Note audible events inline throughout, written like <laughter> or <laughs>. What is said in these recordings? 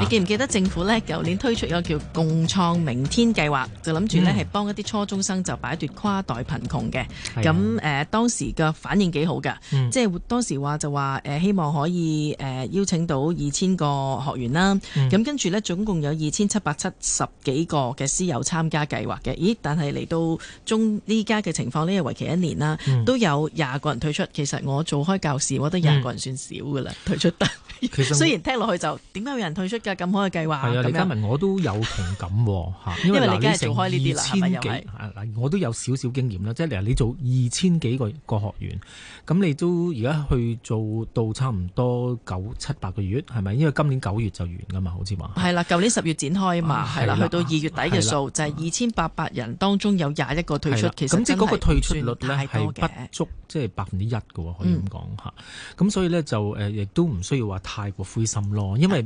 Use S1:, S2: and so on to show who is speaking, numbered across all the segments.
S1: 你記唔記得政府咧？舊年推出一個叫《共創明 Teen 計劃》，就諗住咧係幫一啲初中生就擺脫跨代貧窮嘅。咁誒、嗯呃、當時嘅反應幾好噶，嗯、即係當時話就話誒、呃、希望可以誒、呃、邀請到二千個學員啦。咁、嗯、跟住咧總共有二千七百七十幾個嘅師友參加計劃嘅。咦？但係嚟到中呢家嘅情況呢為期一年啦，嗯、都有廿個人退出。其實我做開教士，我覺得廿個人算少㗎啦，嗯、退出得。其實 雖然聽落去就點解有人退出？咁好嘅計劃，係啊，李嘉文，
S2: 我都有同感喎。因為你梗係做開呢啲啦，千幾嗱，我都有少少經驗啦，即係你話你做二千幾個個學員，咁你都而家去做到差唔多九七八個月，係咪？因為今年九月就完噶嘛，好似話
S1: 係啦，舊年十月展開啊嘛，係啦，去到二月底嘅數就係二千八百人，當中有廿一個退出，其實個退出率呢，嘅，不
S2: 足即係百分之一喎，可以咁講吓。咁所以咧就亦都唔需要話太過灰心咯，因為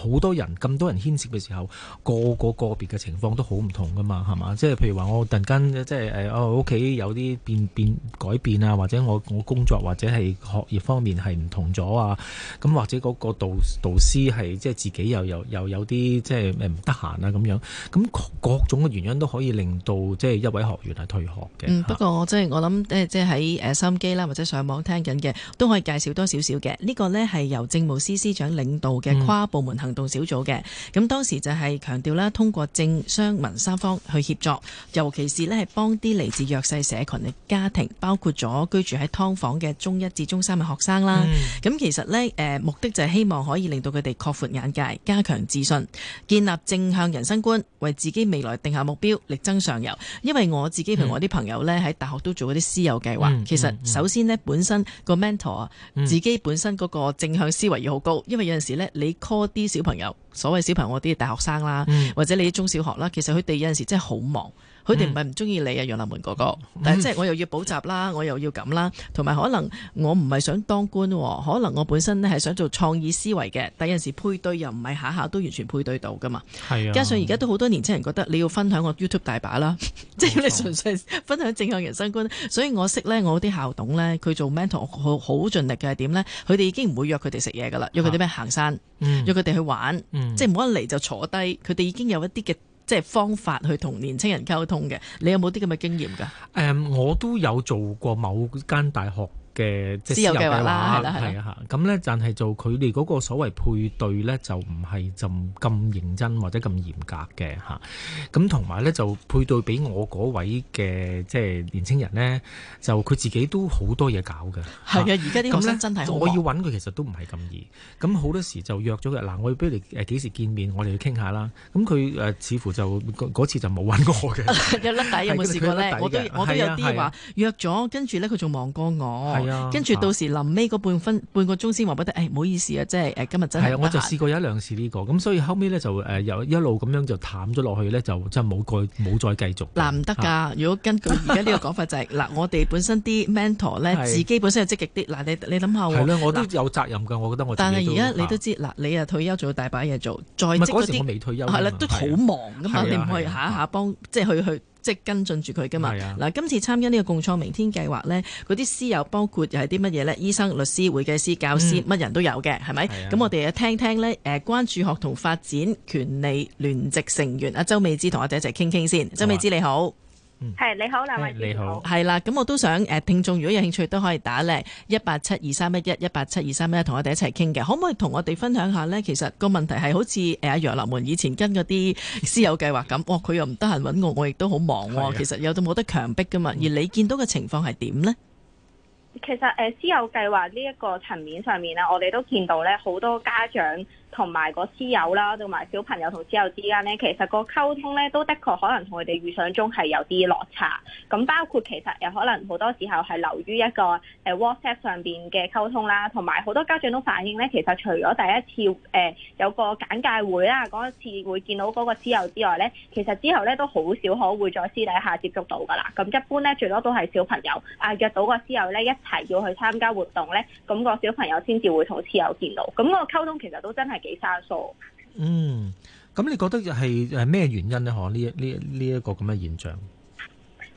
S2: 好多人咁多人牽涉嘅時候，個個個別嘅情況都好唔同噶嘛，係嘛？即係譬如話，我突然間即係我屋企有啲變變改變啊，或者我我工作或者係學業方面係唔同咗啊，咁或者嗰個導，導師師係即係自己又又又有啲即係唔得閒呀、啊、咁樣，咁各，各種嘅原因都可以令到即係一位學員係退學嘅。嗯、的不
S1: 過我即、就、係、是、我諗即係喺心收音機啦，或者上網聽緊嘅，都可以介紹多少少嘅。呢、這個呢係由政務司司長領導嘅跨部門行。行動小組嘅，咁當時就係強調啦，通過政、商、民三方去協助，尤其是咧係幫啲嚟自弱勢社群嘅家庭，包括咗居住喺劏房嘅中一至中三嘅學生啦。咁、mm. 其實咧，誒目的就係希望可以令到佢哋擴闊眼界，加強自信，建立正向人生觀，為自己未來定下目標，力爭上游。因為我自己，同我啲朋友咧喺大學都做嗰啲師友計劃，mm. 其實首先呢，本身個 mentor 啊，自己本身嗰個正向思維要好高，因為有陣時呢你 call 啲。小朋友，所謂小朋友嗰啲大學生啦，或者你啲中小學啦，其實佢哋有陣時真係好忙。佢哋唔係唔中意你啊，楊立門哥哥。但係即係我又要補習啦，嗯、我又要咁啦，同埋可能我唔係想當官、喔，可能我本身咧係想做創意思維嘅。但有陣時配對又唔係下下都完全配對到噶嘛。係啊。加上而家都好多年青人覺得你要分享我 YouTube 大把啦，即係錯 <laughs> 要你純粹分享正向人生觀。所以我識咧，我啲校董咧，佢做 mentor 好盡力嘅係點咧，佢哋已經唔會約佢哋食嘢噶啦，約佢哋咩行山，約佢哋去玩，嗯、即係冇一嚟就坐低。佢哋已經有一啲嘅。即係方法去同年青人溝通嘅，你有冇啲咁嘅經驗㗎？誒，
S2: 我都有做過某間大學。嘅即係私有計劃啦，係啊，咁咧，但係就佢哋嗰個所謂配對咧，就唔係咁咁認真或者咁嚴格嘅嚇。咁同埋咧，就配對俾我嗰位嘅即係年輕人咧，就佢自己都好多嘢搞嘅。係啊，而家啲學生真係我要揾佢，其實都唔係咁易。咁好多時就約咗嘅嗱，我要畀你誒幾時見面，我哋去傾下啦。咁佢誒似乎就嗰次就冇揾過我嘅。 <laughs> 有甩底，
S1: 有冇試過咧？我都我都有啲話約咗，跟住咧佢仲望過我。跟住到時臨尾嗰半分半個鐘先話不得，誒唔好意思啊，即係今日真係唔得啦。我就試
S2: 過一兩次呢個，咁所以後尾咧就誒有一路咁樣就淡咗落去咧，就真係冇再冇再繼續。難得㗎，
S1: 如果根據而家呢個講法就係，嗱我哋本身啲 mentor 咧，自己本身係積極啲，嗱你你諗下。喎，我都
S2: 有責任㗎，我覺得我。但係而家你都知，
S1: 嗱你啊退休做大把嘢做，再未退休，係啦，都好忙㗎嘛。我你唔可以下下幫即係去去。即跟進住佢噶嘛嗱，啊、今次參加呢個共創明天計劃咧，嗰啲師友包括又係啲乜嘢咧？醫生、律師、會計師、教師，乜、嗯、人都有嘅，係咪？咁我哋啊，聽聽咧，誒關注學童發展權利聯席成員阿周美芝同我哋一齊傾傾先。周美芝、啊、你好。係你好，兩位、嗯。你好，係啦。咁好我都想，誒，聽眾如果有興趣都可以打嚟：「一八七二三一一一八七二三一，同我哋一齊傾嘅。可唔可以同我哋分享下呢？其實個問題係好似誒，楊、阿、立門以前跟嗰啲師友計劃咁，哇、哦，佢又唔得閒揾我，我亦都好忙。嗯、其實有都冇得強迫噶嘛？嗯、而你見到嘅情況係點呢？
S3: 其實，師友計劃呢一個層面上面咧，我哋都見到呢好多家長。同埋個師友啦，同埋小朋友同師友之間咧，其實個溝通咧，都的確可能同佢哋預想中係有啲落差。咁包括其實有可能好多時候係流於一個 WhatsApp 上面嘅溝通啦，同埋好多家長都反映咧，其實除咗第一次、呃、有個簡介會啦，嗰一次會見到嗰個師友之外咧，其實之後咧都好少可會再私底下接觸到噶啦。咁一般咧，最多都係小朋友啊約到個師友咧一齊要去參加活動咧，咁個小朋友先至會同師友見到。咁個溝通其實都真係～
S2: 幾生疏？嗯，咁你覺得就係咩原因呢？可呢一呢呢一個咁嘅現象？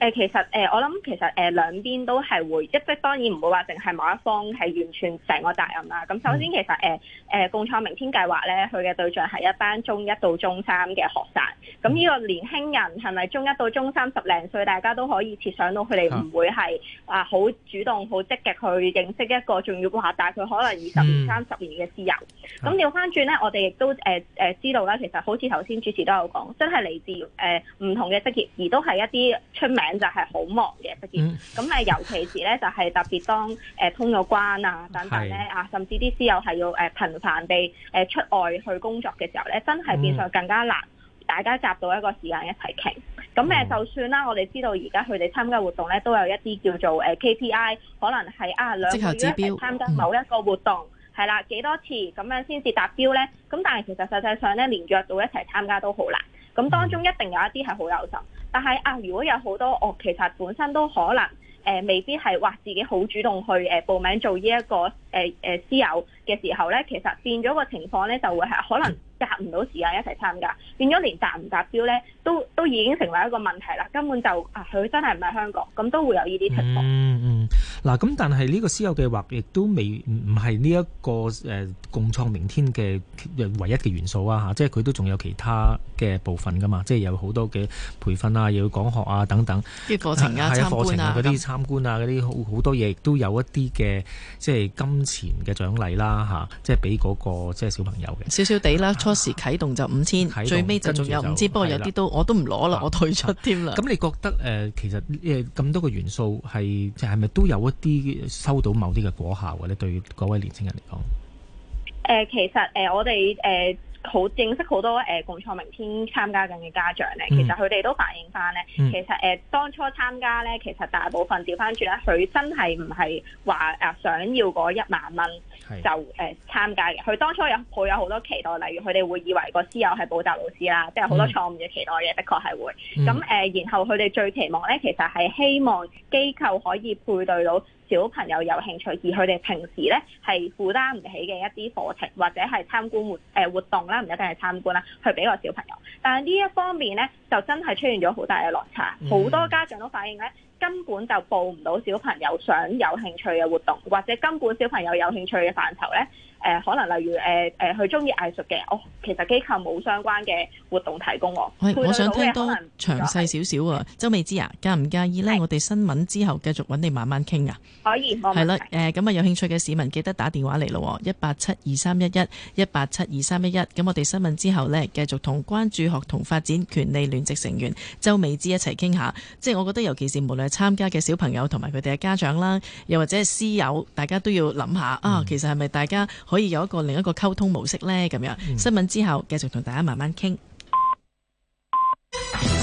S3: 誒其實誒、呃、我諗其實誒、呃、兩邊都係會一即係當然唔會話淨係某一方係完全成個責任啦。咁首先其實誒誒、呃、共創明天計劃共創明 Teen 計劃咧，佢嘅對象係一班中一到中三嘅學生。咁呢個年輕人係咪中一到中三十零歲，大家都可以設想到佢哋唔會係啊好主動好積極去認識一個重要顧客，但係佢可能二十年、三十年嘅自由。咁調翻轉咧，我哋亦都誒誒、呃呃、知道啦。其實好似頭先主持都有講，真係嚟自誒唔、呃、同嘅職業，而都係一啲出名。就係好忙嘅，畢竟咁誒，尤其是咧就係、是、特別當誒、呃、通咗關啊等等咧啊，是甚至啲師友係要誒頻繁地誒出外去工作嘅時候咧，真係變相更加難，大家夾到一個時間一齊傾。咁誒、嗯，就算啦，我哋知道而家佢哋參加活動咧都有一啲叫做誒 KPI，可能係啊兩個月一齊參加某一個活動，係啦幾多次咁樣先至達標咧。咁但係其實實際上咧，連約到一齊參加都好難。咁當中一定有一啲係好有心。但係啊，如果有好多、哦、其實本身都可能、呃、未必係話、呃、自己好主動去、呃、報名做呢、這、一個、呃呃、師友嘅時候咧，其實變咗個情況咧，就會係可能夾唔到時間一齊參加，嗯、變咗連達唔達標咧，都都已經成為一個問題啦，根本就啊佢真係唔喺香港，咁都會有呢啲情況。嗯嗯
S2: 嗱，咁但係呢個私有計劃亦都未唔係係呢一個誒共創明天嘅唯一嘅元素啊！吓，即係佢都仲有其他嘅部分噶嘛，即係有好多嘅培訓啊，又要講學啊等等。啲、
S1: 啊啊、課程啊，參觀啊，嗰啲
S2: 參觀啊，嗰啲好好多嘢，亦都有一啲嘅
S1: 即係金錢嘅獎勵啦吓，即係俾嗰個即係小朋友嘅。少少地啦，初時啟動就五千、啊，最尾就仲有五支，不過有啲都我都唔攞啦，我退出添啦。咁、啊、你覺
S2: 得誒、呃、其實誒咁多個元素係即係係咪都有啲收到某啲嘅果效嘅咧，對於嗰位年青人嚟講
S3: 誒，其實誒、呃，我哋誒。呃好認識好多、呃、共創明 Teen 參加緊嘅家長咧，其實佢哋都反映翻咧，嗯、其實誒、呃、當初參加咧，其實大部分調翻轉呢，佢真係唔係話想要嗰一萬蚊就誒是、呃、參加嘅，佢當初有抱有好多期待，例如佢哋會以為個師友係補習老師啦，即係好多錯誤嘅期待嘅，嗯、的確係會。咁、嗯呃、然後佢哋最期望咧，其實係希望機構可以配對到。小朋友有興趣，而佢哋平時咧係負擔唔起嘅一啲課程，或者係參觀活誒、呃、活動啦，唔一定係參觀啦，去俾個小朋友。但係呢一方面咧，就真係出現咗好大嘅落差，好多家長都反映咧。根本就報唔到小朋友想有興趣嘅活動，或者根本小朋友有興趣嘅範疇呢，誒、呃、可能例如誒誒佢中意藝術嘅，我、哦、其實機構冇相關嘅活動提供喎。我想聽多
S1: 詳細少少是啊，周美芝啊，介唔介意呢？是我哋新聞之後繼續揾你慢慢傾啊。可以。係啦，咁、呃、啊，有興趣嘅市民記得打電話嚟咯，一八七二三一一一八七二三一一。咁我哋新聞之後呢，繼續同關注學童發展權利聯席成員周美芝一齊傾下。即係我覺得尤其是無論。參加嘅小朋友同埋佢哋嘅家長啦，又或者係師友，大家都要諗下啊，其實係咪大家可以有一個另一個溝通模式呢？咁樣新聞之後繼續同大家慢慢傾。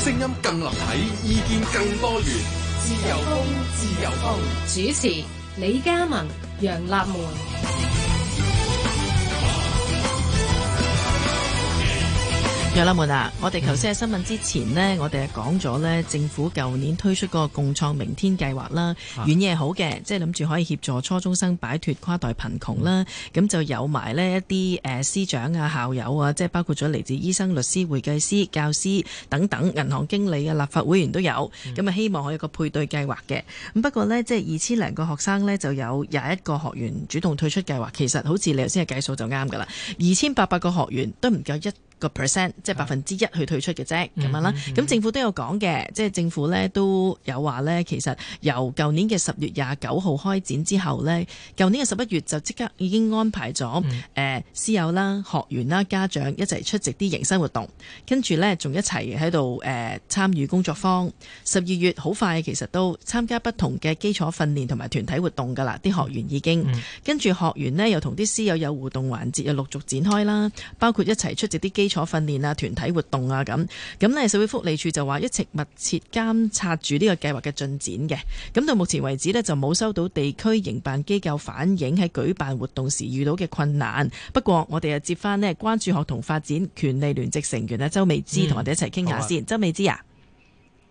S4: 聲音
S1: 更立體，意見更多元，
S2: 自由風，自由風。主持：李嘉文、
S3: 楊立門。
S1: 有啦，una，們啊！我哋頭先喺新聞之前呢，嗯、我哋係講咗呢政府舊年推出個共創明 Teen 計劃啦，遠嘢好嘅，即係諗住可以協助初中生擺脫跨代貧窮啦。咁、嗯、就有埋呢一啲誒、啊，師長啊、校友啊、即、就、係、是、包括咗嚟自醫生、律師、會計師、教師等等、銀行經理啊、立法會員都有。咁啊、嗯，希望可以有個配對計劃嘅。咁不過呢，即係二千零個學生呢就有廿一個學員主動退出計劃。其實好似你頭先嘅計數就啱㗎啦，二千八百個學員都唔夠一。個 percent 即係百分之一去退出嘅啫，咁、嗯、樣啦。咁、嗯嗯、政府都有講嘅，即係政府咧都有話咧，其實由舊年嘅十月廿九號開展之後咧，舊年嘅十一月就即刻已經安排咗誒、嗯呃、師友啦、學員啦、家長一齊出席啲迎新活動，跟住咧仲一齊喺度誒參與工作坊。十二月好快，其實都參加不同嘅基礎訓練同埋團體活動㗎啦，啲學員已經、嗯嗯、跟住學員咧又同啲師友有，有互動環節又陸續展開啦，包括一齊出席啲基礎基礎訓練啊，團體活動啊，咁咁咧，社會福利處就話一直密切監察住呢個計劃嘅進展嘅。咁到目前為止呢就冇收到地區營辦機構反映喺舉辦活動時遇到嘅困難。不過我哋啊接翻呢關注學童發展權利聯席成員啊周美芝同，嗯、我哋一齊傾下先，的周美芝啊。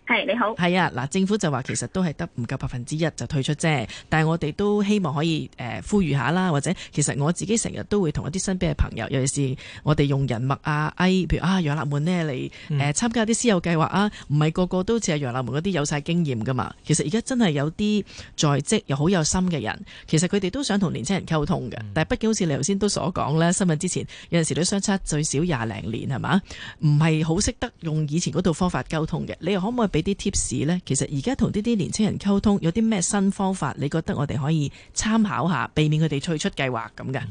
S1: 係、hey, 你好，係啊嗱，政府就話其實都係得唔夠百分之一就退出啫。但係我哋都希望可以、呃、呼籲下啦，或者其實我自己成日都會同一啲身邊嘅朋友，尤其是我哋用人脈啊、I，、哎、譬如啊楊立門呢，嚟誒、呃、參加啲私有計劃啊，唔係個個都似係楊立門嗰啲有晒經驗噶嘛。其實而家真係有啲在職又好有心嘅人，其實佢哋都想同年青人溝通嘅。嗯、但係畢竟好似你頭先都所講啦，新聞之前有陣時都相差最少廿零年係嘛，唔係好識得用以前嗰套方法溝通嘅。你又可唔可以俾呢啲 tips 咧，其實而家同呢啲年青人溝通有啲咩新方法？你覺得我哋可以參考下，避免佢哋退出計劃咁㗎。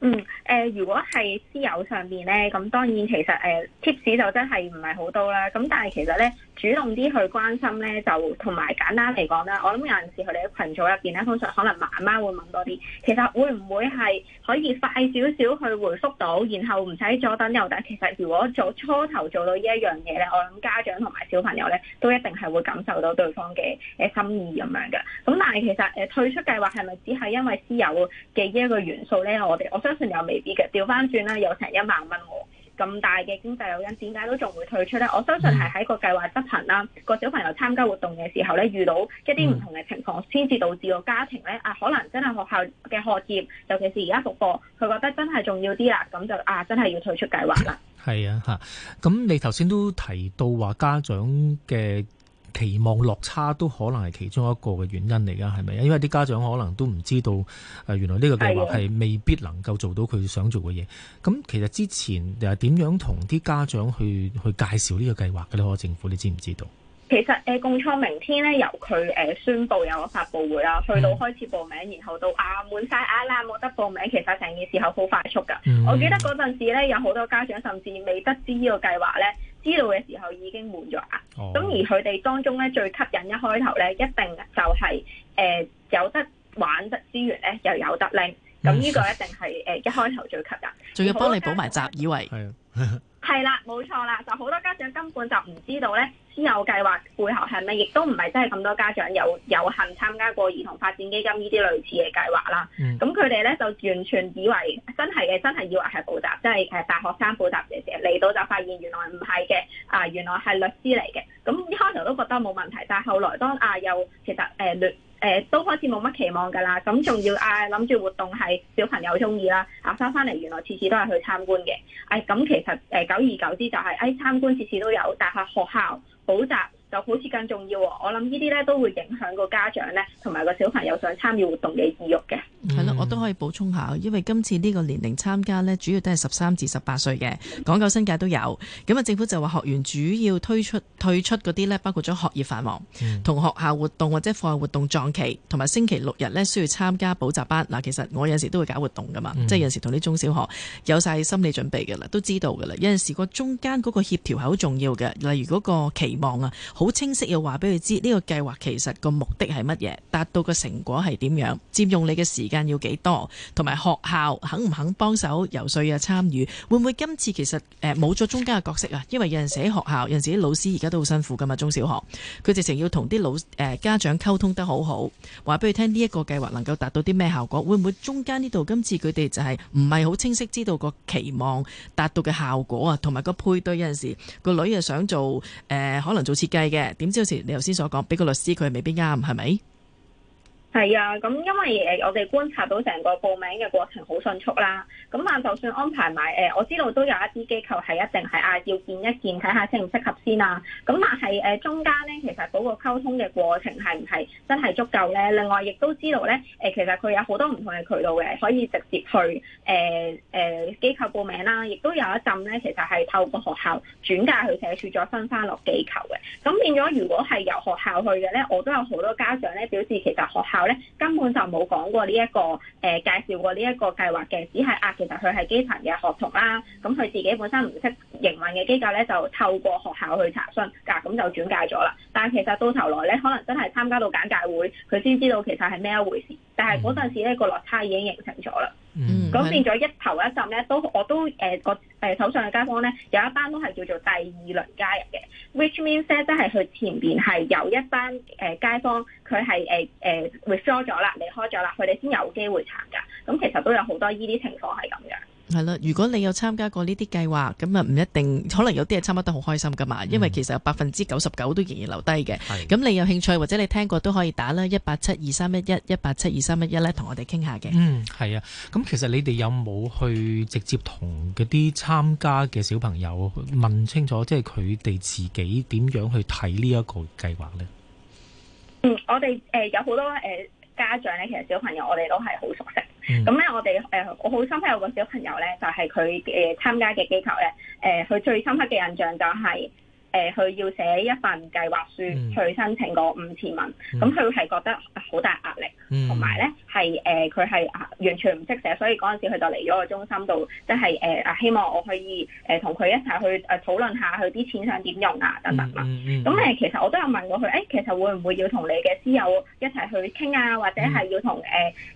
S3: 嗯，誒、呃，如果係師友上邊咧，咁當然其實誒 tips、呃、就真係唔係好多啦。咁但係其實咧，主動啲去關心咧，就同埋簡單嚟講啦，我諗有陣時佢哋喺群組入邊咧，通常可能媽媽會問多啲。其實會唔會係可以快少少去回覆到，然後唔使左等右等。其實如果做初頭做到這東西呢一樣嘢咧，我諗家長同埋小朋友咧都一定係會感受到對方嘅嘅心意咁樣嘅。咁但係其實誒、呃、退出計劃係咪只係因為師友嘅一個元素咧？我哋我相信又未必嘅，掉返轉啦，又成一萬蚊喎，咁大嘅經濟原因，點解都仲會退出呢？我相信係喺個計劃執行啦，個小朋友參加活動嘅時候呢，遇到一啲唔同嘅情況，先至導致個家庭呢，啊，可能真係學校嘅學業，尤其是而家復課，佢覺得真係重要啲啦，咁就啊，真係要退出計劃啦。
S2: 係 <laughs> 啊，嚇、啊！咁你頭先都提到話家長嘅。期望落差都可能係其中一個嘅原因嚟㗎，係咪？因為啲家長可能都唔知道，誒原來呢個計劃係未必能夠做到佢想做嘅嘢。咁的其實之前又點樣同啲家長去去介紹呢個計劃嘅呢？我政府你知唔知道？
S3: 其實誒、呃、共創明 Teen 咧，由佢誒、呃、宣佈有個發佈會啦，嗯、去到開始報名，然後到啊滿晒啊啦冇得報名，其實成件事係好快速㗎。嗯、我記得嗰陣時咧，有好多家長甚至未得知這個計劃呢個計劃咧。知道嘅時候已經滿咗額，咁、oh. 而佢哋當中咧，最吸引一開頭咧一定就係、是、誒、呃、有得玩嘅資源咧，又有得拎。咁呢個一定係誒一開頭最吸引，仲 <laughs> 要幫你補
S1: 埋習以為，
S3: 係啦， <laughs> 冇錯啦，就好多家長根本就唔知道咧。有計劃背後係咪亦都唔係真係咁多家長有有幸參加過兒童發展基金呢啲類似嘅計劃啦？咁佢哋咧就完全以為真係嘅，真係以為係補習，即係係大學生補習嘅時候嚟到就發現原來唔係嘅，啊原來係律師嚟嘅。咁一開頭都覺得冇問題，但係後來當啊又其實誒，誒、呃呃、都開始冇乜期望噶啦。咁仲要啊諗住活動係小朋友中意啦，啊翻翻嚟，原來次次都係去參觀嘅。咁、哎、其實誒久而久之就係誒參觀次次都有，但係學校補習。就好似更重要喎，我諗呢啲咧都會影響個家長呢同埋個小朋友想
S1: 參與活動嘅意欲嘅。係、hmm. 咯，我都可以補充下，因為今次呢個年齡參加呢主要都係十三至十八歲嘅，講究新界都有。咁啊，政府就話學員主要推出退出嗰啲呢包括咗學業繁忙、同學校活動或者課外活動撞期，同埋星期六日呢需要參加補習班。嗱，其實我有陣時都會搞活動㗎嘛，mm hmm. 即係有陣時同啲中小學有晒心理準備㗎啦，都知道㗎啦。有陣時個中間嗰個協調係好重要嘅，例如嗰個期望啊。好清晰，又話俾佢知呢個計劃其實個目的係乜嘢，達到個成果係點樣，佔用你嘅時間要幾多，同埋學校肯唔肯幫手游說啊參與，會唔會今次其實誒冇咗中間嘅角色啊？因為有陣時喺學校，有陣時啲老師而家都好辛苦噶嘛，中小學，佢直情要同啲老誒、呃、家長溝通得好好，話俾佢聽呢一個計劃能夠達到啲咩效果，會唔會中間呢度今次佢哋就係唔係好清晰知道個期望達到嘅效果啊？同埋個配對有陣時個女又想做誒、呃、可能做設計。嘅點知有時你頭先所講，俾個律師佢係未必啱，係咪？
S3: 係啊，咁因為我哋觀察到成個報名嘅過程好迅速啦。咁就算安排埋我知道都有一啲機構係一定係啊，要見一見睇下適唔適合先啊。咁但係中間咧，其實嗰個溝通嘅過程係唔係真係足夠咧？另外亦都知道咧，其實佢有好多唔同嘅渠道嘅，可以直接去誒誒、呃呃、機構報名啦。亦都有一陣咧，其實係透過學校轉介去社署咗，分翻落機構嘅。咁變咗，如果係由學校去嘅咧，我都有好多家長咧表示，其實學校咧根本就冇講過呢、這、一個、呃、介紹過呢一個計劃嘅，只係啊。其實佢係基層嘅學童啦，咁佢自己本身唔識營運嘅機構咧，就透過學校去查詢㗎，咁就轉介咗啦。但係其實到頭來咧，可能真係參加到簡介會，佢先知道其實係咩一回事。但係嗰陣時咧，個落差已經形成咗啦。咁、嗯、變咗一頭一陣咧，都我都誒個誒手上嘅街坊咧，有一班都係叫做第二輪加入嘅，which means 咧，即係佢前邊係有一班誒、呃、街坊佢係誒誒 refer 咗啦，離開咗啦，佢哋先有機會撐噶。咁、嗯、其實都有好多依啲情況係咁樣的。
S1: 係啦，如果你有參加過呢啲計劃，咁啊唔一定，可能有啲嘢參加得好開心㗎嘛，嗯、因為其實有百分之九十九都仍然留低嘅。咁係啊你有興趣或者你聽過都可以打啦，一八七二三一一，一八七二三一一呢，同我哋傾下嘅。嗯，
S2: 係啊，咁其實你哋有冇去直接同嗰啲參加嘅小朋友問清楚，即係佢哋自己點樣去睇呢一個計劃呢？嗯、我哋誒、呃、有好多誒、呃、家長呢，其
S3: 實小朋友我哋都係好熟悉。咁咧，嗯、我哋誒，我好深刻有個小朋友咧，就係佢誒參加嘅機構咧，誒，佢最深刻嘅印象就係、是。誒，佢、呃、要寫一份計劃書，去申請個五千蚊，咁佢係覺得好大壓力，同埋咧係誒，佢係、呃、完全唔識寫，所以嗰陣時佢就嚟咗個中心度，即係誒希望我可以誒同佢一齊去誒討論下佢啲錢想點用啊等等啦。咁誒、嗯嗯呃，其實我都有問過佢，誒其實會唔會要同你嘅師友一齊去傾啊，或者係要同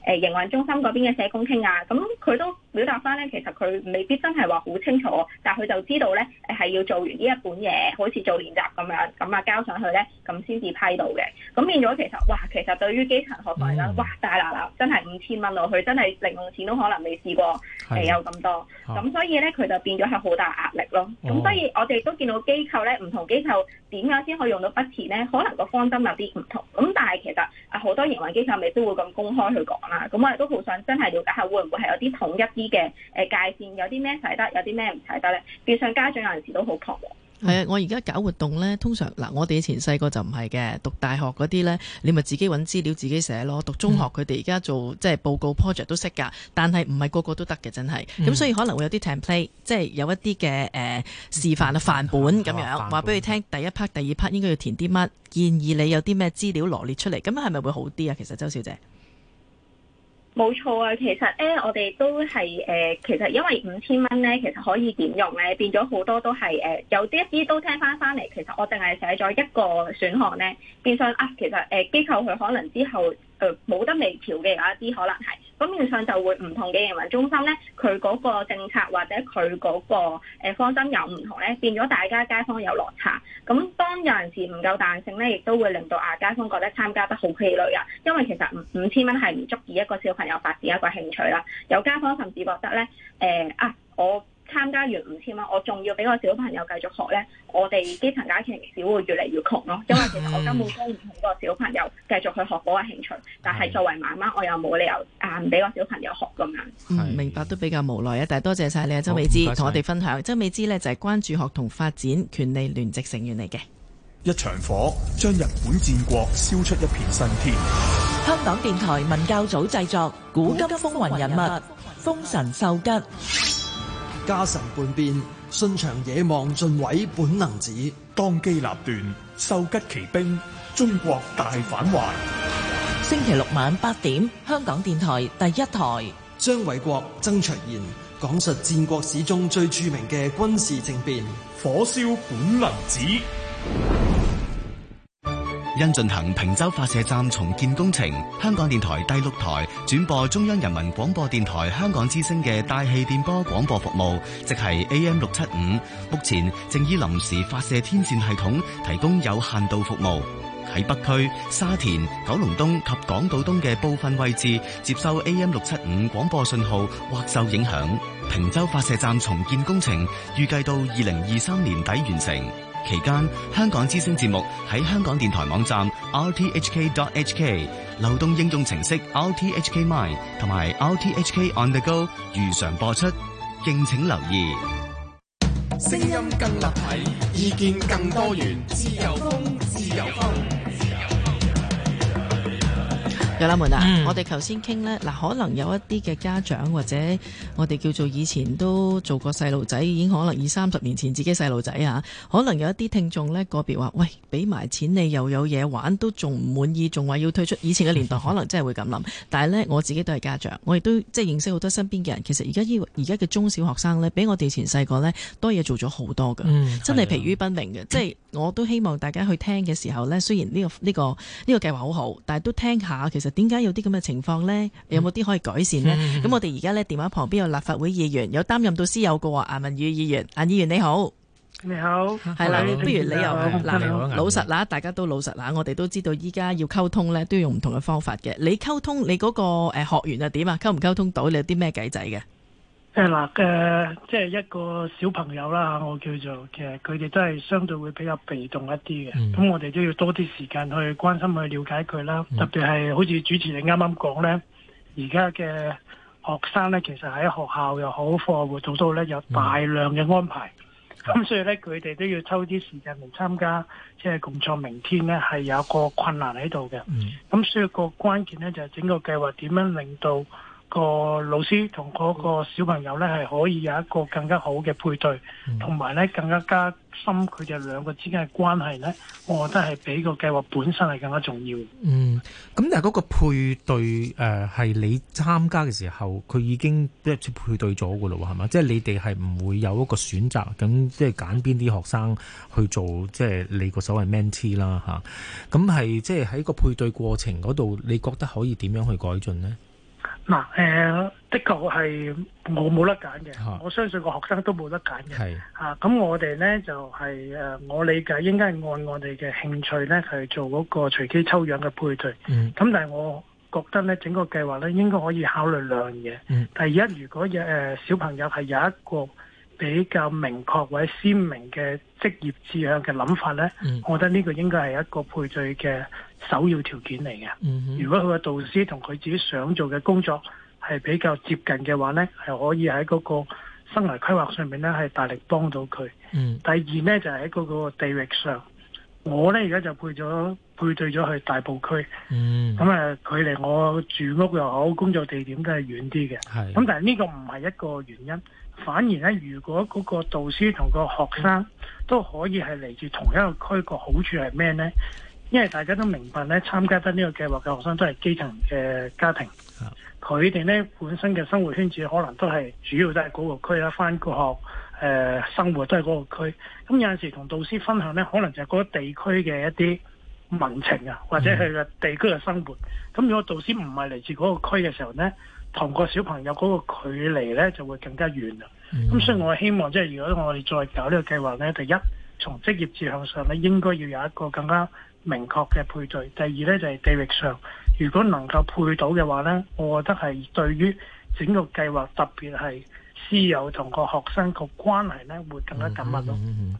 S3: 誒誒營運中心嗰邊嘅社工傾啊？咁佢都表達翻咧，其實佢未必真係話好清楚，但係佢就知道咧係要做完呢一本嘢。好似做練習咁樣，咁啊交上去咧，咁先至批到嘅。咁變咗，其實哇，其實對於基層學童咧，嗯、哇，大喇喇真係五千蚊落去，真係零用錢都可能未試過，係有咁多。咁所以咧，佢就變咗係好大壓力咯。咁、哦、所以我哋都見到機構咧，唔同機構點樣先可以用到筆錢咧，可能個方針有啲唔同。咁但係其實啊，好多營運機構未必都會咁公開去講啦。咁我哋都好想真係了解下會唔會係有啲統一啲嘅誒界線，有啲咩使得，有啲咩唔使得咧。變相家長有陣時都好彷
S1: 係啊、嗯，我而家搞活動呢，通常嗱，我哋以前細個就唔係嘅，讀大學嗰啲呢，你咪自己揾資料自己寫咯。讀中學佢哋而家做、嗯、即係報告 project 都識㗎，但係唔係個個都得嘅，真係。咁、嗯、所以可能會有啲 template，即係有一啲嘅誒示範啊範本咁、嗯、樣，話俾、啊、你聽第一 part、第二 part 應該要填啲乜，嗯、建議你有啲咩資料羅列出嚟，咁樣係咪會好啲啊？其實，周小姐。
S3: 冇錯啊，其實咧，我哋都係誒，其實因為五千蚊咧，其實可以點用咧，變咗好多都係誒，有啲一啲都聽翻翻嚟，其實我淨係寫咗一個選項咧，變相啊，其實誒機構佢可能之後誒冇得微調嘅有一啲可能係。咁面上就會唔同嘅營運中心咧，佢嗰個政策或者佢嗰個方針有唔同咧，變咗大家街坊有落差。咁當有陣時唔夠彈性咧，亦都會令到阿街坊覺得參加得好疲累啊。因為其實五五千蚊係唔足以一個小朋友發展一個興趣啦。有街坊甚至覺得咧，誒、呃、啊我。參加完五千蚊，我仲要俾個小朋友繼續學呢。我哋基層家庭只會越嚟越窮咯，因為其實我根本都唔想個小朋友繼續去學嗰個興趣，但係作為媽媽，我又冇理由
S1: 硬唔俾個小朋友學噶嘛。的明白都比較無奈啊，但係多謝晒你啊，周美芝同我哋分享。周美芝呢就係關注學童發展權利聯席成員嚟嘅。一場火
S2: 將日本戰國燒出一片新天。
S1: 香港電台文教組製作《古今風雲人物》，豐臣秀吉。家臣叛變，
S2: 信長野望盡毀本能寺，當機立斷秀吉奇兵，中國大返還。星期六晚八點，香港電台第一台，張偉國、曾卓賢講述戰國史中最著名嘅軍事政變——火燒本能寺。因進行坪洲發射站重建工程，香港電台第六台轉播中央人民廣播電台香港之聲嘅大氣電波廣播服務，即係 AM 六七五，目前正以「臨時發射天綫」系統提供有限度服務。喺北區、沙田、九龍東及港島東嘅部分位置接收 AM 六七五廣播信號或受影響。坪洲發射站重建工程預計到二零二三年底完成。期間，香港之聲節目喺香港電台網站 rthk.hk、流動應用程式 rthk Mine 同埋 rthk on the go 如常播出，敬請留意。聲音更立體，意見更多元，自由風，自由風。
S1: 嗯、我哋頭先傾呢，嗱，可能有一啲嘅家長或者我哋叫做以前都做過細路仔，已經可能二三十年前自己細路仔啊，可能有一啲聽眾呢，個別話，喂，俾埋錢你又有嘢玩，都仲唔滿意，仲話要退出。以前嘅年代可能真係會咁諗，但係呢，我自己都係家長，我亦都即係認識好多身邊嘅人，其實而家依而家嘅中小學生呢，比我哋前細個呢，多嘢做咗好多噶，真係疲於奔命嘅，即係。我都希望大家去聽嘅時候呢，雖然呢個呢個呢個計劃好好，但係都聽下其實點解有啲咁嘅情況呢？有冇啲可以改善呢？咁、嗯、我哋而家呢，電話旁邊有立法會議員，有擔任到師友嘅話，顏汶羽議員，顏議員你好，你好，係啦，hello, 不如你又 hello, 嗱，老實啦，大家都老實啦，我哋都知道依家要溝通呢，都要用唔同嘅方法嘅。你溝通你嗰個學員啊，點啊？溝唔溝通到？你有啲咩計仔嘅？
S4: 誒嗱，誒、嗯呃、即係一個小朋友啦，我叫做其實佢哋都係相對會比較被動一啲嘅，咁、嗯、我哋都要多啲時間去關心去了解佢啦。嗯、特別係好似主持人啱啱講呢，而家嘅學生呢，其實喺學校又好，課外活動都咧有大量嘅安排，咁、嗯、所以呢，佢哋、嗯、都要抽啲時間嚟參加，即係共創明 Teen 呢，係有一個困難喺度嘅。咁、嗯、所以個關鍵呢，就係、是、整個計劃點樣令到個老師同嗰個小朋友呢，係可以有一個更加好嘅配對，同埋、嗯、呢更加加深佢哋兩個之間嘅關係呢，我覺得係比個計劃本身係更加重要。嗯，
S2: 咁但係嗰個配對誒，係、呃、你參加嘅時候，佢已經一次配對咗噶咯，係嘛？即、就、係、是、你哋係唔會有一個選擇，咁即係揀邊啲學生去做，即、就、係、是、你個所謂 mentee 啦，吓、啊。咁係即係喺個配對過程嗰度，你覺得可以點樣去改進呢？
S4: 嗱，的確係我冇得揀嘅，哈我相信個學生都冇得揀嘅，咁是、啊、我哋咧就係、是、我理解應該係按我哋嘅興趣咧去做嗰個隨機抽樣嘅配對。咁、嗯、但係我覺得咧，整個計劃咧應該可以考慮兩樣嘢。嗯、第一，如果誒小朋友係有一個比較明確或者鮮明嘅職業志向嘅諗法呢，嗯、我覺得呢個應該係一個配對嘅首要條件嚟嘅。嗯、哼如果佢嘅導師同佢自己想做嘅工作係比較接近嘅話呢，係可以喺嗰個生涯規劃上面呢，係大力幫到佢。嗯、第二呢，就係喺嗰個地域上，我呢而家就配咗配對咗去大埔區，咁啊、嗯嗯，距離我住屋又好工作地點都係遠啲嘅。咁的但係呢個唔係一個原因。反而咧，如果嗰個導師同個學生都可以係嚟自同一個區，個好處係咩呢？因為大家都明白咧，參加得呢個計劃嘅學生都係基層嘅家庭，佢哋咧本身嘅生活圈子可能都係主要都係嗰個區啦，返個學誒、呃、生活都係嗰個區。咁有陣時同導師分享呢，可能就係嗰個地區嘅一啲民情啊，或者係個地區嘅生活。咁如果導師唔係嚟自嗰個區嘅時候呢。同個小朋友嗰個距離呢，就會更加遠啦。咁、嗯、所以我希望即係如果我哋再搞呢個計劃呢，第一從職業志向上呢，應該要有一個更加明確嘅配對；第二呢，就係、是、地域上，如果能夠配到嘅話呢，我覺得係對於整個計劃特別係師友同個學生個關係呢，會更加緊密咯。嗯嗯嗯嗯。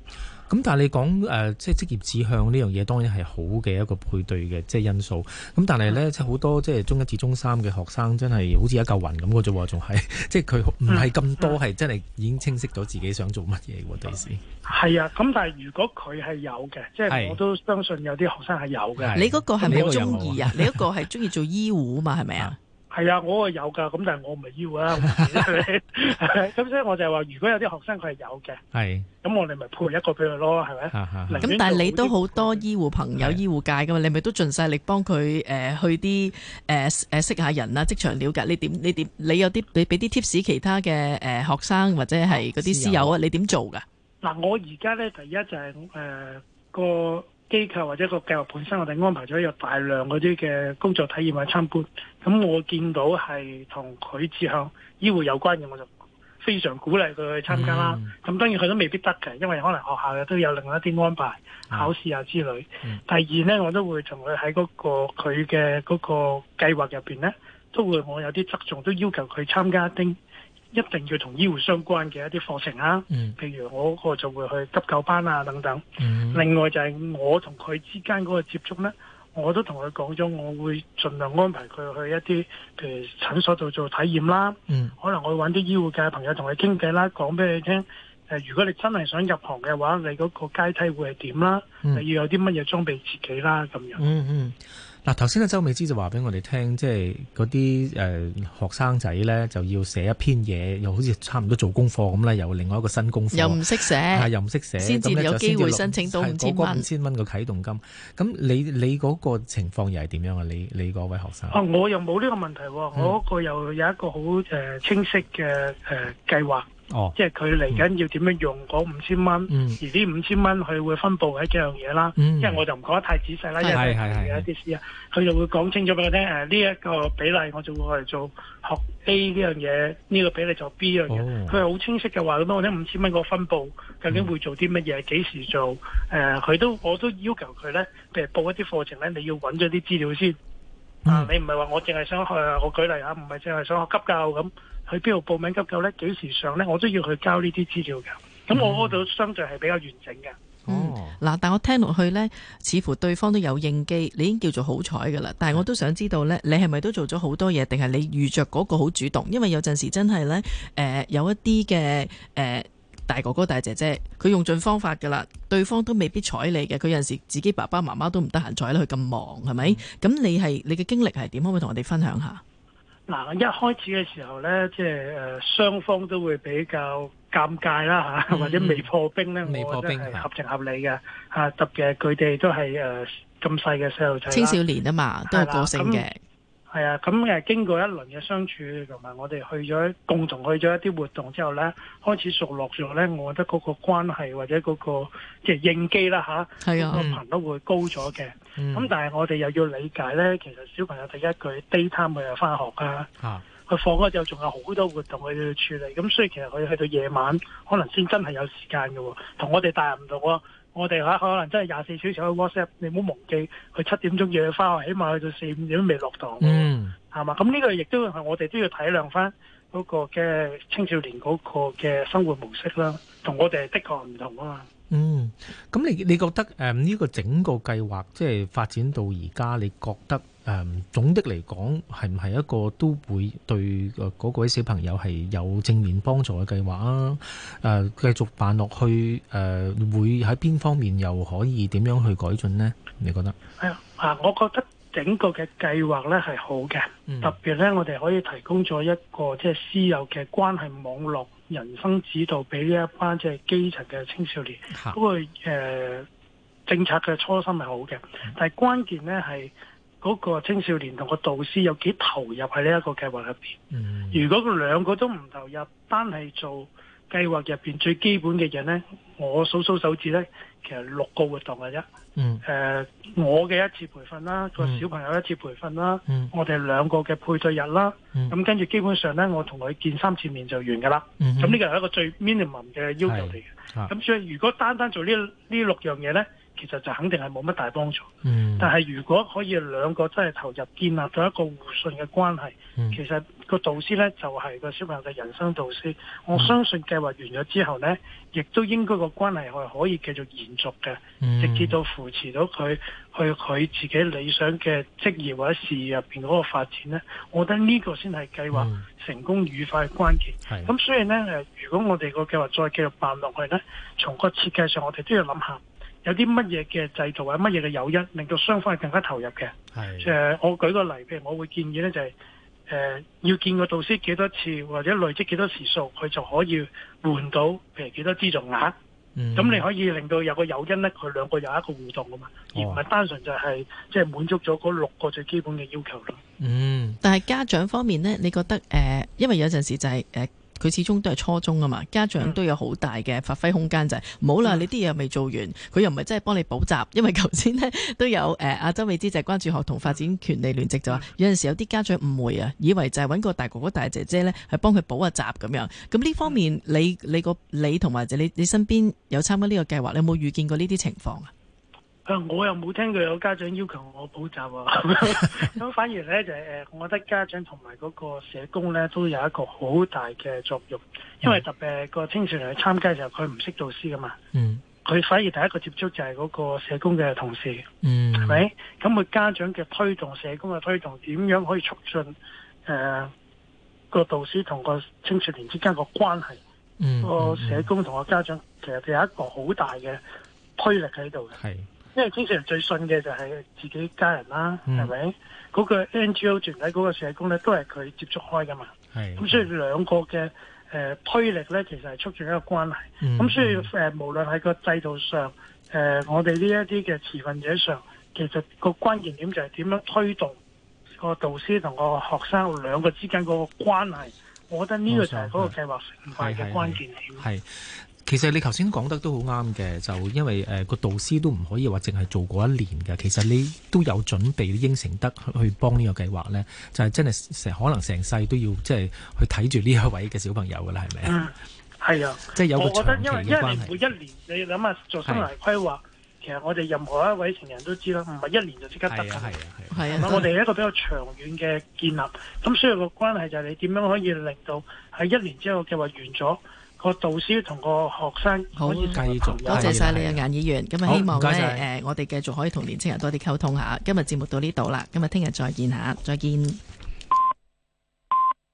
S2: 咁但係你講誒、呃，即係職業志向呢樣嘢，當然係好嘅一個配對嘅即係因素。咁但係咧、嗯，即係好多即係中一至中三嘅學生，真係好似一嚿雲咁嘅啫，仲係即係佢唔係咁多，係真係已經清晰咗自己想做乜嘢。第時是，、啊、是，是。
S4: 係啊，咁但係如果佢係有嘅，即係我都相信有啲學生係有嘅。的你嗰個係咪好中意啊？你嗰
S1: 個係中意做醫護嘛？係咪啊？
S4: 係啊，我啊有噶，咁但係我唔係要啦。咁所以我就係話，如果有啲學生佢係有嘅，咁我哋咪配一個俾佢咯，係咪？咁但係你都好
S1: 多醫護朋友、醫護界噶嘛，你咪都盡晒力幫佢誒去啲誒誒識下人啦，職場了解。你點？你點？你有啲俾俾啲 tips 其他嘅誒學生或者係嗰啲師友啊？你點做噶？
S4: 嗱，我而家咧第一就係誒個。機構或者個計劃本身，我哋安排咗有大量嗰啲嘅工作體驗去參觀。咁我見到係同佢志向醫護有關嘅，我就非常鼓勵佢去參加啦。咁、mm hmm. 當然佢都未必得嘅，因為可能學校都有另外一啲安排，考試啊之類。Mm hmm. 第二呢，我都會同佢喺嗰個佢嘅嗰個計劃入邊呢，都會我有啲側重，都要求佢參加一丁一定要同醫護相關嘅一啲課程啊，譬如我個就會去急救班啊等等。Mm hmm. 另外就係我同佢之間嗰個接觸呢，我都同佢講咗，我會盡量安排佢去一啲譬如診所度做體驗啦。Mm hmm. 可能我會揾啲醫護界朋友同佢傾偈啦，講俾佢聽、呃。如果你真係想入行嘅話，你嗰個階梯會係點啦？Mm hmm. 你要有啲乜嘢裝備自己啦，咁樣。
S2: Mm hmm. 嗱，頭先阿，周美芝就話俾我哋聽，即係嗰啲誒學生仔咧，就要寫一篇嘢，又好似差唔多做功課咁咧，又另外一個新功課，又唔識寫，係又唔識寫，先至有機會申請到五千蚊。五千蚊嘅啟動金，咁你你嗰個情況又係點樣啊？你你嗰位學生？啊，
S4: 我又冇呢個問題，我個又有一個好誒清晰嘅誒計劃。哦，即係佢嚟緊要點樣用嗰五千蚊，而呢五千蚊佢會分布喺幾樣嘢啦。即係我就唔講得太仔細啦，因為係一啲事啊，佢就會講清楚俾我聽。誒，呢一個比例我就會去做學 A 呢樣嘢，呢個比例做 B 樣嘢。佢係好清晰嘅話咁我呢五千蚊個分布究竟會做啲乜嘢？幾時做？誒，佢都我都要求佢咧，譬如報一啲課程咧，你要揾咗啲資料先。啊，你唔係話我淨係想去我舉例啊，唔係淨係想學急救咁。去邊度報名急救呢？幾時上，上呢？我都要去交呢啲資料噶。咁我嗰度相對係比較完整嘅。
S1: 哦，嗱，但我聽落去呢，似乎對方都有應機，你已經叫做好彩噶啦。但係我都想知道呢，你係咪都做咗好多嘢，定係你遇着嗰個好主動？因為有陣時真係呢，誒、呃，有一啲嘅誒大哥哥、大姐姐，佢用盡方法噶啦，對方都未必睬你嘅。佢有陣時自己爸爸媽媽都唔得閒睬你，佢咁忙係咪？咁、嗯、你係你嘅經歷係點？可唔可以同我哋分享下？
S4: 嗱、啊，一開始嘅時候咧，即係誒雙方都會比較尷尬啦吓，或者未破冰咧，未破冰、嗯、我覺得係合情合理嘅吓、嗯、特別係佢哋都係誒咁細嘅細路仔、青少
S1: 年啊嘛，都係個性嘅。
S4: 係啊，咁、嗯、誒、嗯、經過一輪嘅相處同埋我哋去咗共同去咗一啲活動之後呢，開始熟絡咗呢。我覺得嗰個關係或者嗰、嗰個即係應機啦嚇，個、啊啊嗯、頻率會高咗嘅。咁、嗯、但係我哋又要理解呢，其實小朋友第一句 day time 佢冇又返學
S2: 㗎，
S4: 佢放嗰陣仲有好多活動要處理，咁所以其實佢去到夜晚可能先真係有時間嘅喎，同我哋大人唔同啊。我哋吓可能真係廿四小時去 WhatsApp，你唔好忘記佢七點鐘要翻學，起碼去到四五點都未落堂，嗯，係嘛？咁呢個亦都係我哋都要體諒翻嗰個嘅青少年嗰個嘅生活模式啦，我同我哋的確唔同啊嘛。嗯，
S2: 咁你你覺得誒呢個整個計劃即係發展到而家，你覺得？嗯這個誒，總的嚟講係唔係一個都會對誒嗰位小朋友係有正面幫助嘅計劃啊？誒、呃，繼續辦落去誒、呃，會喺邊方面又可以點樣去改進呢？你覺得？
S4: 係啊，啊，我覺得整個嘅計劃咧係好嘅。嗯、特別咧我哋可以提供咗一個即係、就是、私有嘅關係網絡、人生指導俾呢一班即係、就是、基層嘅青少年。不過誒，政策嘅初心係好嘅，嗯、但係關鍵咧係，嗰個青少年同個導師有幾投入喺呢一個計劃入面。嗯、如果佢兩個都唔投入，單係做計劃入面最基本嘅嘢呢，我數數手指呢，其實六個活動嘅啫、嗯呃。我嘅一次培訓啦，嗯、個小朋友一次培訓啦，嗯、我哋兩個嘅配對日啦，咁跟住基本上呢，我同佢見三次面就完㗎啦。咁呢、嗯、哼個係一個最 minimum 嘅要求嚟嘅。咁、啊、所以如果單單做呢呢六樣嘢呢，其實就肯定係冇乜大幫助，嗯、但係如果可以兩個真係投入建立到一個互信嘅關係，嗯、其實個導師呢就係個小朋友嘅人生導師。嗯、我相信計劃完咗之後呢，亦都應該個關係係可以繼續延續嘅，嗯、直至到扶持到佢去佢自己理想嘅職業或者事業入邊嗰個發展呢，我覺得呢個先係計劃成功愉快嘅關鍵。咁、嗯、所以呢，誒、呃，如果我哋個計劃再繼續辦落去呢，從個設計上我哋都要諗下。有啲乜嘢嘅制度或者乜嘢嘅誘因令到雙方係更加投入嘅的、呃。我舉個例，譬如我會建議咧、就係，就、呃、係要見個導師幾多次，或者累積幾多時數，佢就可以換到譬如幾多資助額。咁、嗯、你可以令到有個誘因咧，佢兩個有一個互動㗎嘛，而唔係單純就係即係滿足咗嗰六個最基本嘅要求咯。嗯，
S1: 但係家長方面咧，你覺得、呃、因為有陣時就係、是呃佢始終都係初中啊嘛，家長都有好大嘅發揮空間就係，唔好啦，你啲嘢又未做完，佢又唔係真係幫你補習，因為頭先呢都有誒，阿、呃、周美芝就係、關注學童發展權利聯席就話，有陣時候有啲家長誤會啊，以為就係揾個大哥哥大姐姐呢係幫佢補下習咁樣，咁呢方面你你個你同埋就你你身邊有參加呢個計劃，你有冇遇見過呢啲情況啊？
S4: 我又冇聽佢有家長要求我補習啊，咁 <laughs> 反而咧就係誒，我覺得家長同埋嗰個社工咧都有一個好大嘅作用，mm hmm. 因為特別係個青少年去參加嘅時候，佢唔識導師噶嘛，嗯、mm，佢、hmm. 反而第一個接觸就係嗰個社工嘅同事，嗯、mm，係、hmm. 咪？咁佢家長嘅推動，社工嘅推動，點樣可以促進誒個導師同個青少年之間個關係？嗯、mm，個、hmm. 社工同個家長其實就有一個好大嘅推力喺度嘅，係、mm。Hmm. 因為通常最信嘅就係自己家人啦，係咪、嗯？嗰、那個 NGO 團體嗰個社工咧，都係佢接觸開噶嘛。係咁是，所以兩個嘅誒、呃、推力咧，其實係促進一個關係。咁、嗯、所以誒、呃，無論喺個制度上，誒、呃，我哋呢一啲嘅持份者上，其實個關鍵點就係點樣推動個導師同個學生兩個之間嗰個關係。我覺得呢個就係嗰個計劃成敗嘅關鍵點。
S2: 其實你頭先講得都好啱嘅，就因為誒個、呃、導師都唔可以話淨係做過一年嘅。其實你都有準備應承得去幫呢個計劃咧，就係、是、真係成可能成世都要即係、就是、去睇住呢一位嘅小朋友噶啦，係咪？嗯，係啊，
S4: 即係有個長期嘅關係，我覺得因為一因為每一年你諗下做生涯規劃，啊、其實我哋任何一位成人都知啦，唔係一年就即刻得噶。係啊係啊係啊。我哋一個比較長遠嘅建立，咁所以個關係就係你點樣可以令到喺一年之後計劃完咗。個導師同個
S1: 學生可以繼續，多謝晒你，阿顏議員，咁啊希望咧誒、呃，我哋繼續可以同年青人多啲溝通下。今日節目到呢度啦，今日聽日再見嚇，再見。